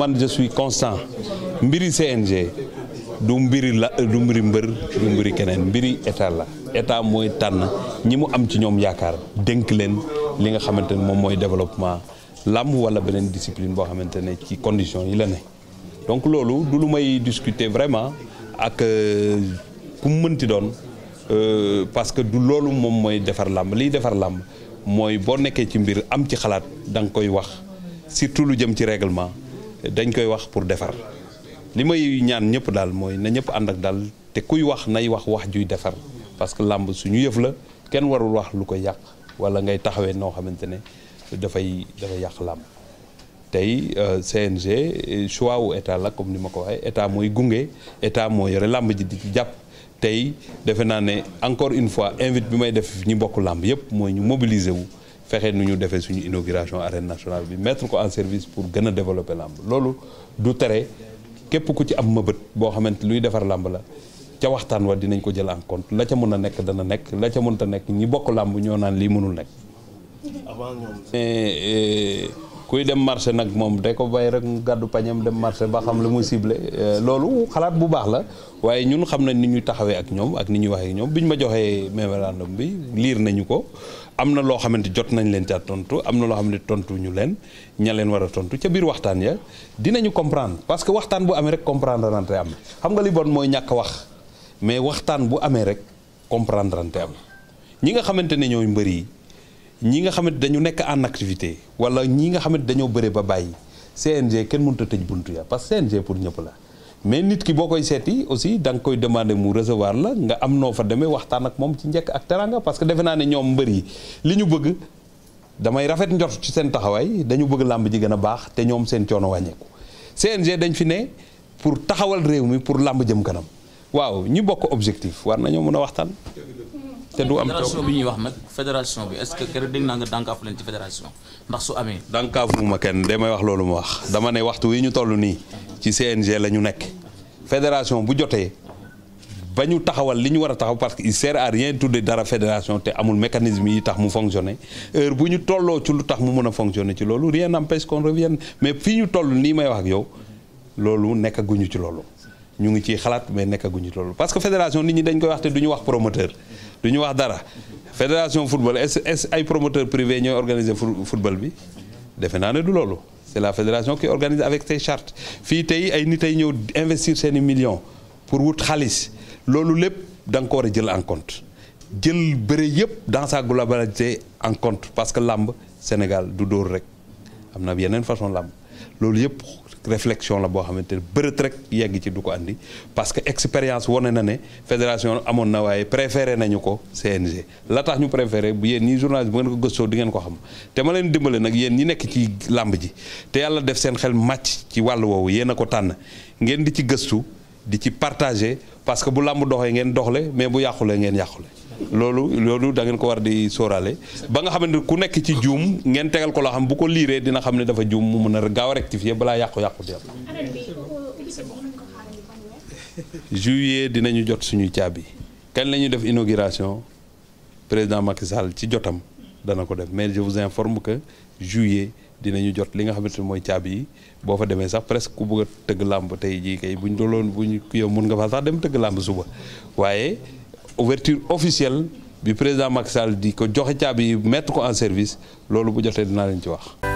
man je suis constant mbiri CNG du mbiri la du mbiri mbër du mbiri keneen mbiri état la état mooy tànn ñi mu am ci ñoom yaakaar dénk leen li nga xamante ne moom mooy développement làmb wala beneen discipline boo xamante ne ci condition yi la ne donc loolu du lu may discuter vraiment ak euh, ku mu mënti doon euh, parce que du loolu moom mooy defar làmb liy defar làmb mooy boo nekkee ci mbir am ci xalaat da nga koy wax surtout lu jëm ci règlement dañ koy wax pour defar li may ñaan ñëpp daal mooy na ñëpp ànd ak daal te kuy wax nay wax wax juy defar parce que làmb suñu yëf la kenn warul wax lu ko yàq wala ngay taxawee noo xamante ne dafay yàq làmb tey euh, CNG choix wu état la comme ni ma ko waxee état mooy gunge état moo yore làmb ji di jàpp tey defe naa ne encore une fois invite bi may def ñi bokk làmb yëpp mooy ñu mobiliser wu fexe nu ñu defee suñu inauguration arène nationale bi mettre ko en service pour gën a développer làmb loolu du tere képp ku ci am mëbët boo xamante luy defar làmb la ca waxtaan wa dinañ ko jël en compte la ca mën a nekk dana nekk la ca mënta nekk ñi bokk làmb ñoo naan lii mënul nekk. avant ñoom. Eh, kuy dem marché nag moom de ko bàyyi rek gàddu pañam dem marché ba xam lu mu ciblé eh, loolu xalaat bu baax la waaye ñun xam nañ ni ñuy taxawee ak ñoom ak ni ñuy waxee ñoom biñ ma joxee mémorandum bi liir nañu ko. am na loo xamante jot nañ leen ca tontu am na loo xam ne tontu ñu leen ña leen war a tontu ca biir waxtaan ya dinañu comprendre parce que waxtaan bu amee rek comprendre am xam nga li bon mooy ñàkk wax mais waxtaan bu amee rek comprendre am ñi nga xamante ne ñooy mbër yi ñi nga xamante dañu nekk en activité wala ñi nga xamante dañoo bëre ba bàyyi CNG kenn mënut a tëj bunt ya parce que CNG pour ñëpp la. mais nit ki boo koy seeti aussi da nga koy demander mu recevoir la nga am noo fa demee waxtaan ak moom ci njëkk ak teranga parce que defe naa ne ñoom mbër yi li ñu bëgg damay rafet njort ci seen taxawaay dañu bëgg làmb ji gën a baax te ñoom seen coono wàññeeku CNG dañ fi ne pour taxawal réew mi pour làmb jëm kanam waaw ñi bokk objectif war nañoo mën a waxtaan. te du am fédération bi ñuy wax nag fédération bi est-ce que keroog dégg naa nga dànkaafu leen ci fédération ndax su amee. dànkaafu ma kenn damay wax loolu ma wax dama ne waxtu wi ñu toll nii. ci CNG la ñu nekk fédération bu jotee ba ñu taxawal li ñu war a taxaw parce que il sert à rien tudde dara fédération te amul mécanisme yi tax mu fonctionner heure bu ñu tolloo ci lu tax mu mën a fonctionner ci loolu rien n'empêche qu'on revienne mais fii ñu toll nii may wax ak yow loolu nekkaguñu ci loolu ñu ngi ciy xalaat mais nekkaguñu ci loolu parce que fédération nit ñi dañ koy wax te du ñu wax promoteur du ñu wax dara fédération football est-ce est-ce ay promoteur privé ñooy bi defe naa ne du loolu c'est la fédération qui organise avec ses chartes fii tey ay nit ay ñëw investir seeni million pour wut xaalis loolu lépp da nga ko a jël en compte jël bëre yépp dans sa globalité en compte parce que làmb Sénégal du dóor rek am na yeneen façon làmb loolu yëpp réflexion la boo xamante ne bërët rek yegg ci du ko andi parce que expérience wane na ne fédération amoon na waaye préféré nañu ko CNG la tax ñu préféré bu yéen ñii journaliste bu ngeen ko gëstoo di ngeen ko xam te ma leen dimbale nag yéen ñi nekk ci làmb ji te yàlla def seen xel màcc ci wàll woowu yéen a ko tànn ngeen di ci gëstu di ci partagé parce que bu làmb doxee ngeen doxle mais bu yàqulee ngeen yàqule loolu loolu da ko war di sooraale ba nga xamante ne ku nekk ci juum ngeen tegal ko loo xam bu ko liiree dina xam ne dafa juum mu mën a gaaw a rectifier balaa yàqu-yàqu di am juillet dinañu jot suñu caabi kañ la ñuy def inauguration président Macky Sall ci jotam dana ko def mais je vous informe que juillet dinañu jot li nga xamante ne mooy caabi yi boo fa demee sax presque ku bëgg tëgg làmb tey jii kay buñ doloon buñ yow mun nga faa sax dem tëgg làmb suba ouverture officielle bi président Macky Sall di ko joxe caabi yi mettre ko en service loolu bu jotee dinaa leen ci wax.